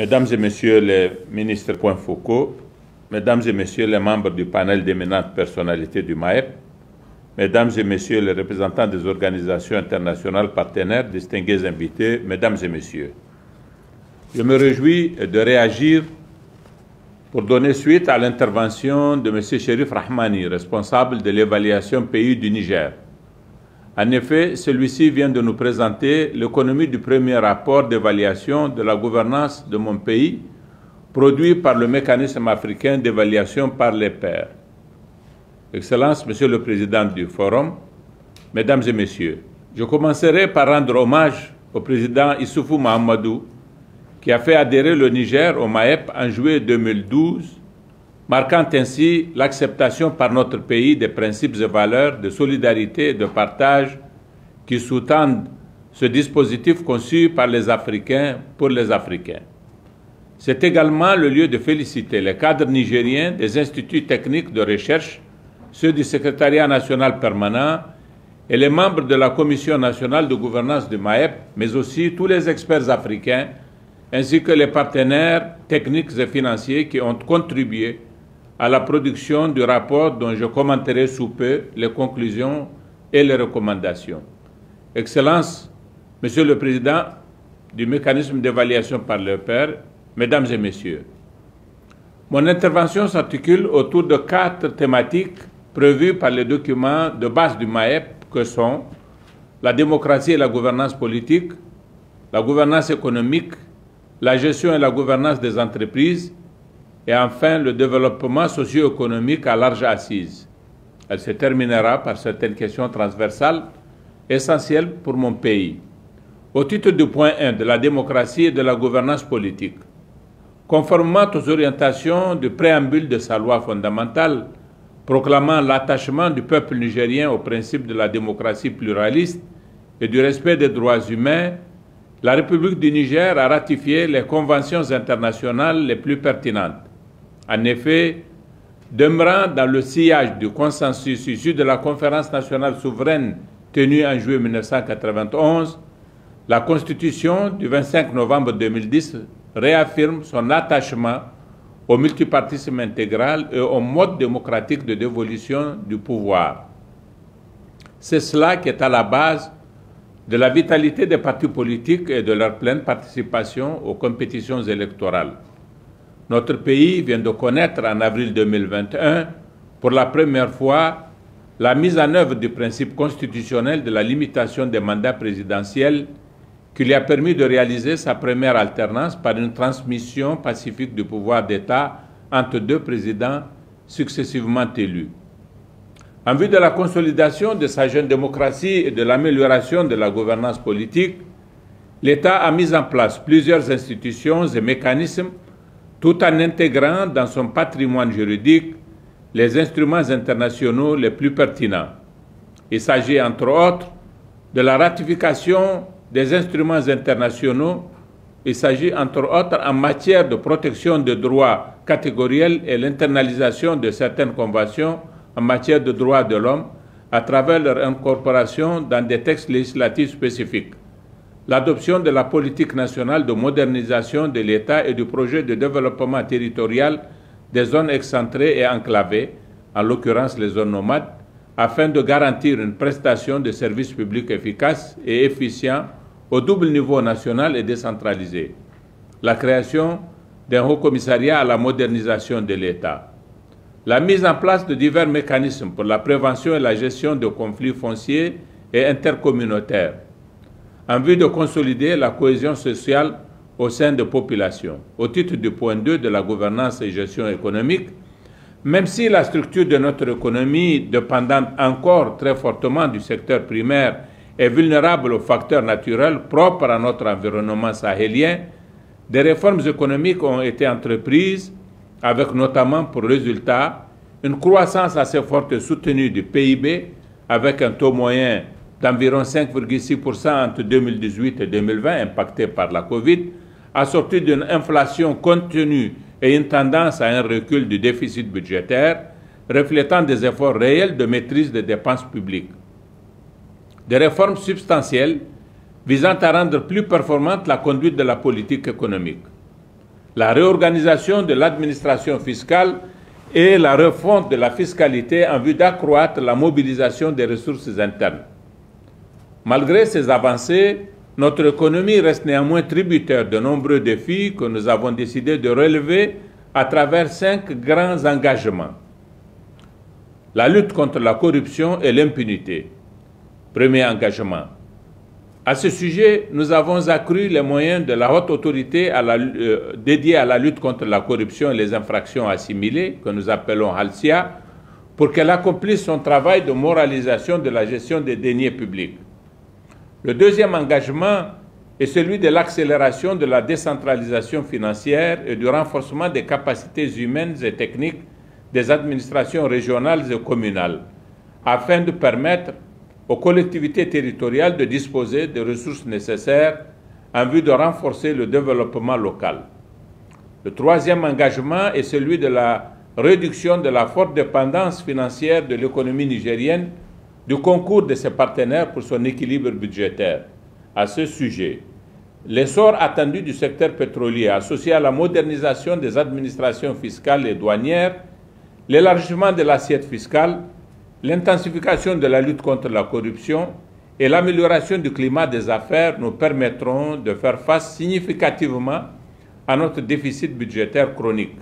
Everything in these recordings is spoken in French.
Mesdames et messieurs les ministres point Foucault, mesdames et messieurs les membres du panel d'éminentes personnalités du MAEP, mesdames et messieurs les représentants des organisations internationales partenaires, distingués invités, mesdames et messieurs. Je me réjouis de réagir pour donner suite à l'intervention de M. Sherif Rahmani, responsable de l'évaluation pays du Niger. En effet, celui-ci vient de nous présenter l'économie du premier rapport d'évaluation de la gouvernance de mon pays, produit par le mécanisme africain d'évaluation par les pairs. Excellences, Monsieur le Président du Forum, Mesdames et Messieurs, je commencerai par rendre hommage au président Issoufou Mahamadou, qui a fait adhérer le Niger au MAEP en juillet 2012 marquant ainsi l'acceptation par notre pays des principes et valeurs de solidarité et de partage qui sous-tendent ce dispositif conçu par les Africains pour les Africains. C'est également le lieu de féliciter les cadres nigériens des instituts techniques de recherche, ceux du secrétariat national permanent et les membres de la Commission nationale de gouvernance du MAEP, mais aussi tous les experts africains, ainsi que les partenaires techniques et financiers qui ont contribué à la production du rapport dont je commenterai sous peu les conclusions et les recommandations. Excellences, Monsieur le Président du mécanisme d'évaluation par le père, Mesdames et Messieurs, mon intervention s'articule autour de quatre thématiques prévues par les documents de base du MAEP que sont la démocratie et la gouvernance politique, la gouvernance économique, la gestion et la gouvernance des entreprises et enfin le développement socio-économique à large assise. Elle se terminera par certaines questions transversales essentielles pour mon pays. Au titre du point 1 de la démocratie et de la gouvernance politique, conformément aux orientations du préambule de sa loi fondamentale proclamant l'attachement du peuple nigérien au principe de la démocratie pluraliste et du respect des droits humains, la République du Niger a ratifié les conventions internationales les plus pertinentes. En effet, demeurant dans le sillage du consensus issu de la conférence nationale souveraine tenue en juillet 1991, la Constitution du 25 novembre 2010 réaffirme son attachement au multipartisme intégral et au mode démocratique de dévolution du pouvoir. C'est cela qui est à la base de la vitalité des partis politiques et de leur pleine participation aux compétitions électorales. Notre pays vient de connaître en avril 2021, pour la première fois, la mise en œuvre du principe constitutionnel de la limitation des mandats présidentiels qui lui a permis de réaliser sa première alternance par une transmission pacifique du pouvoir d'État entre deux présidents successivement élus. En vue de la consolidation de sa jeune démocratie et de l'amélioration de la gouvernance politique, l'État a mis en place plusieurs institutions et mécanismes tout en intégrant dans son patrimoine juridique les instruments internationaux les plus pertinents. Il s'agit entre autres de la ratification des instruments internationaux. Il s'agit entre autres en matière de protection des droits catégoriels et l'internalisation de certaines conventions en matière de droits de l'homme à travers leur incorporation dans des textes législatifs spécifiques l'adoption de la politique nationale de modernisation de l'État et du projet de développement territorial des zones excentrées et enclavées, en l'occurrence les zones nomades, afin de garantir une prestation de services publics efficace et efficient au double niveau national et décentralisé. La création d'un haut commissariat à la modernisation de l'État. La mise en place de divers mécanismes pour la prévention et la gestion de conflits fonciers et intercommunautaires en vue de consolider la cohésion sociale au sein des populations. Au titre du point 2 de la gouvernance et gestion économique, même si la structure de notre économie, dépendante encore très fortement du secteur primaire, est vulnérable aux facteurs naturels propres à notre environnement sahélien, des réformes économiques ont été entreprises avec notamment pour résultat une croissance assez forte et soutenue du PIB avec un taux moyen d'environ 5,6% entre 2018 et 2020 impacté par la Covid, assorti d'une inflation contenue et une tendance à un recul du déficit budgétaire, reflétant des efforts réels de maîtrise des dépenses publiques. Des réformes substantielles visant à rendre plus performante la conduite de la politique économique. La réorganisation de l'administration fiscale et la refonte de la fiscalité en vue d'accroître la mobilisation des ressources internes. Malgré ces avancées, notre économie reste néanmoins tributaire de nombreux défis que nous avons décidé de relever à travers cinq grands engagements. La lutte contre la corruption et l'impunité. Premier engagement. À ce sujet, nous avons accru les moyens de la haute autorité euh, dédiée à la lutte contre la corruption et les infractions assimilées, que nous appelons HALCIA, pour qu'elle accomplisse son travail de moralisation de la gestion des deniers publics. Le deuxième engagement est celui de l'accélération de la décentralisation financière et du renforcement des capacités humaines et techniques des administrations régionales et communales, afin de permettre aux collectivités territoriales de disposer des ressources nécessaires en vue de renforcer le développement local. Le troisième engagement est celui de la réduction de la forte dépendance financière de l'économie nigérienne du concours de ses partenaires pour son équilibre budgétaire. À ce sujet, l'essor attendu du secteur pétrolier associé à la modernisation des administrations fiscales et douanières, l'élargissement de l'assiette fiscale, l'intensification de la lutte contre la corruption et l'amélioration du climat des affaires nous permettront de faire face significativement à notre déficit budgétaire chronique.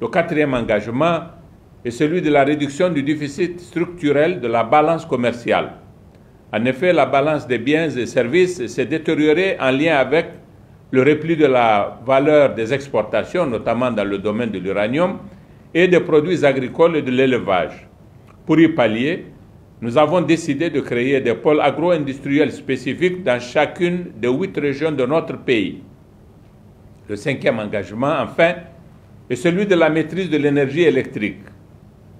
Le quatrième engagement et celui de la réduction du déficit structurel de la balance commerciale. En effet, la balance des biens et services s'est détériorée en lien avec le repli de la valeur des exportations, notamment dans le domaine de l'uranium, et des produits agricoles et de l'élevage. Pour y pallier, nous avons décidé de créer des pôles agro-industriels spécifiques dans chacune des huit régions de notre pays. Le cinquième engagement, enfin, est celui de la maîtrise de l'énergie électrique.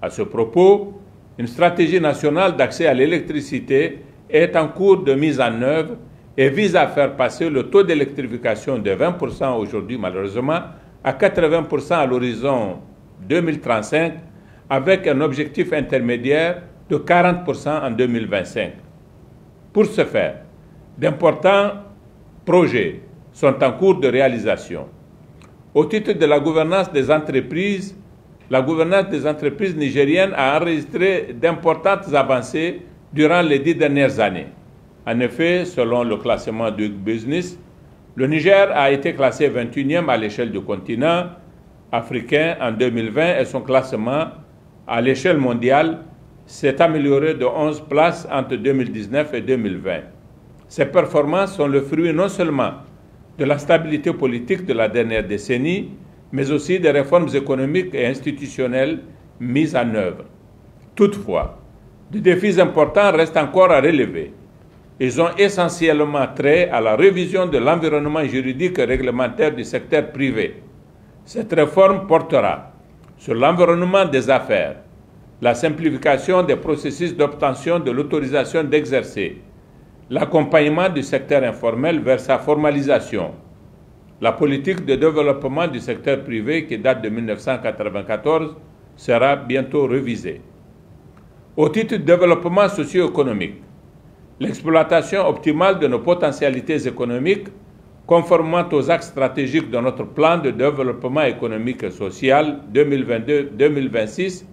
À ce propos, une stratégie nationale d'accès à l'électricité est en cours de mise en œuvre et vise à faire passer le taux d'électrification de 20% aujourd'hui malheureusement à 80% à l'horizon 2035 avec un objectif intermédiaire de 40% en 2025. Pour ce faire, d'importants projets sont en cours de réalisation. Au titre de la gouvernance des entreprises, la gouvernance des entreprises nigériennes a enregistré d'importantes avancées durant les dix dernières années. En effet, selon le classement du Business, le Niger a été classé 21e à l'échelle du continent africain en 2020 et son classement à l'échelle mondiale s'est amélioré de 11 places entre 2019 et 2020. Ces performances sont le fruit non seulement de la stabilité politique de la dernière décennie, mais aussi des réformes économiques et institutionnelles mises en œuvre. Toutefois, des défis importants restent encore à relever. Ils ont essentiellement trait à la révision de l'environnement juridique et réglementaire du secteur privé. Cette réforme portera sur l'environnement des affaires, la simplification des processus d'obtention de l'autorisation d'exercer, l'accompagnement du secteur informel vers sa formalisation, la politique de développement du secteur privé qui date de 1994 sera bientôt révisée. Au titre du développement socio-économique, l'exploitation optimale de nos potentialités économiques, conformément aux axes stratégiques de notre plan de développement économique et social 2022-2026,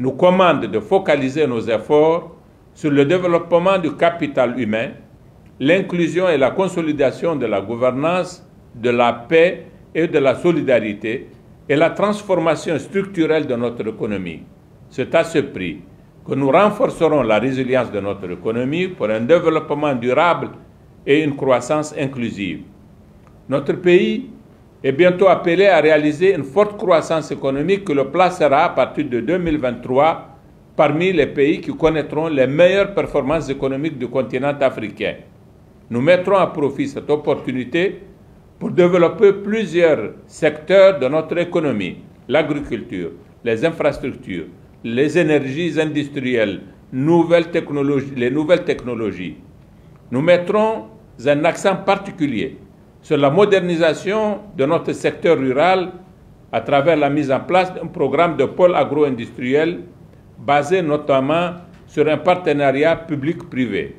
nous commande de focaliser nos efforts sur le développement du capital humain, l'inclusion et la consolidation de la gouvernance de la paix et de la solidarité et la transformation structurelle de notre économie. C'est à ce prix que nous renforcerons la résilience de notre économie pour un développement durable et une croissance inclusive. Notre pays est bientôt appelé à réaliser une forte croissance économique qui le placera à partir de 2023 parmi les pays qui connaîtront les meilleures performances économiques du continent africain. Nous mettrons à profit cette opportunité pour développer plusieurs secteurs de notre économie, l'agriculture, les infrastructures, les énergies industrielles, nouvelles technologies, les nouvelles technologies. Nous mettrons un accent particulier sur la modernisation de notre secteur rural à travers la mise en place d'un programme de pôle agro-industriel basé notamment sur un partenariat public-privé.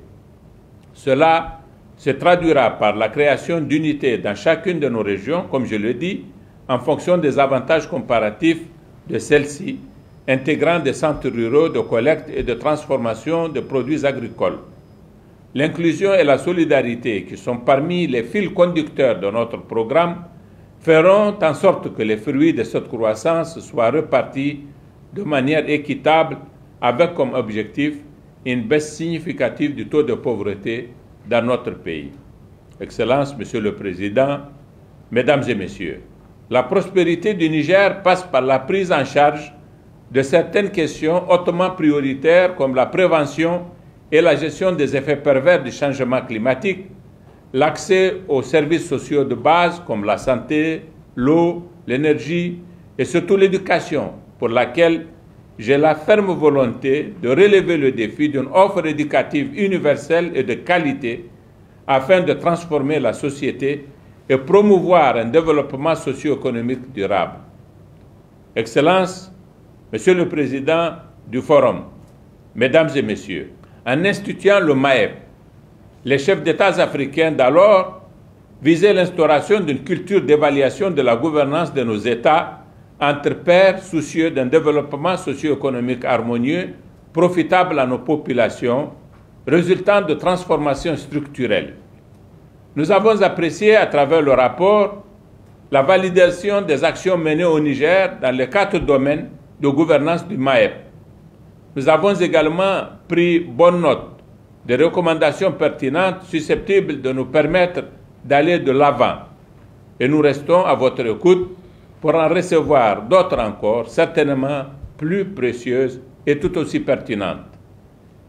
Cela se traduira par la création d'unités dans chacune de nos régions, comme je le dis, en fonction des avantages comparatifs de celles-ci, intégrant des centres ruraux de collecte et de transformation de produits agricoles. L'inclusion et la solidarité, qui sont parmi les fils conducteurs de notre programme, feront en sorte que les fruits de cette croissance soient repartis de manière équitable avec comme objectif une baisse significative du taux de pauvreté dans notre pays. Excellences, Monsieur le Président, Mesdames et Messieurs, la prospérité du Niger passe par la prise en charge de certaines questions hautement prioritaires comme la prévention et la gestion des effets pervers du changement climatique, l'accès aux services sociaux de base comme la santé, l'eau, l'énergie et surtout l'éducation pour laquelle j'ai la ferme volonté de relever le défi d'une offre éducative universelle et de qualité afin de transformer la société et promouvoir un développement socio-économique durable. Excellence, Monsieur le Président du Forum, Mesdames et Messieurs, en instituant le MAEP, les chefs d'État africains d'alors visaient l'instauration d'une culture d'évaluation de la gouvernance de nos États entre pairs soucieux d'un développement socio-économique harmonieux, profitable à nos populations, résultant de transformations structurelles. Nous avons apprécié à travers le rapport la validation des actions menées au Niger dans les quatre domaines de gouvernance du MAEP. Nous avons également pris bonne note des recommandations pertinentes susceptibles de nous permettre d'aller de l'avant. Et nous restons à votre écoute pour en recevoir d'autres encore, certainement plus précieuses et tout aussi pertinentes.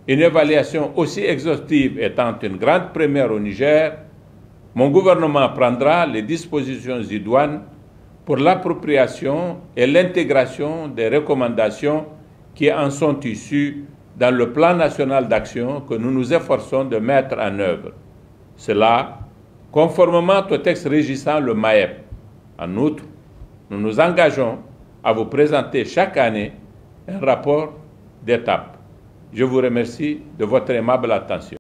Une évaluation aussi exhaustive étant une grande première au Niger, mon gouvernement prendra les dispositions idoines pour l'appropriation et l'intégration des recommandations qui en sont issues dans le plan national d'action que nous nous efforçons de mettre en œuvre. Cela conformément au texte régissant le MAEP. En outre, nous nous engageons à vous présenter chaque année un rapport d'étape. Je vous remercie de votre aimable attention.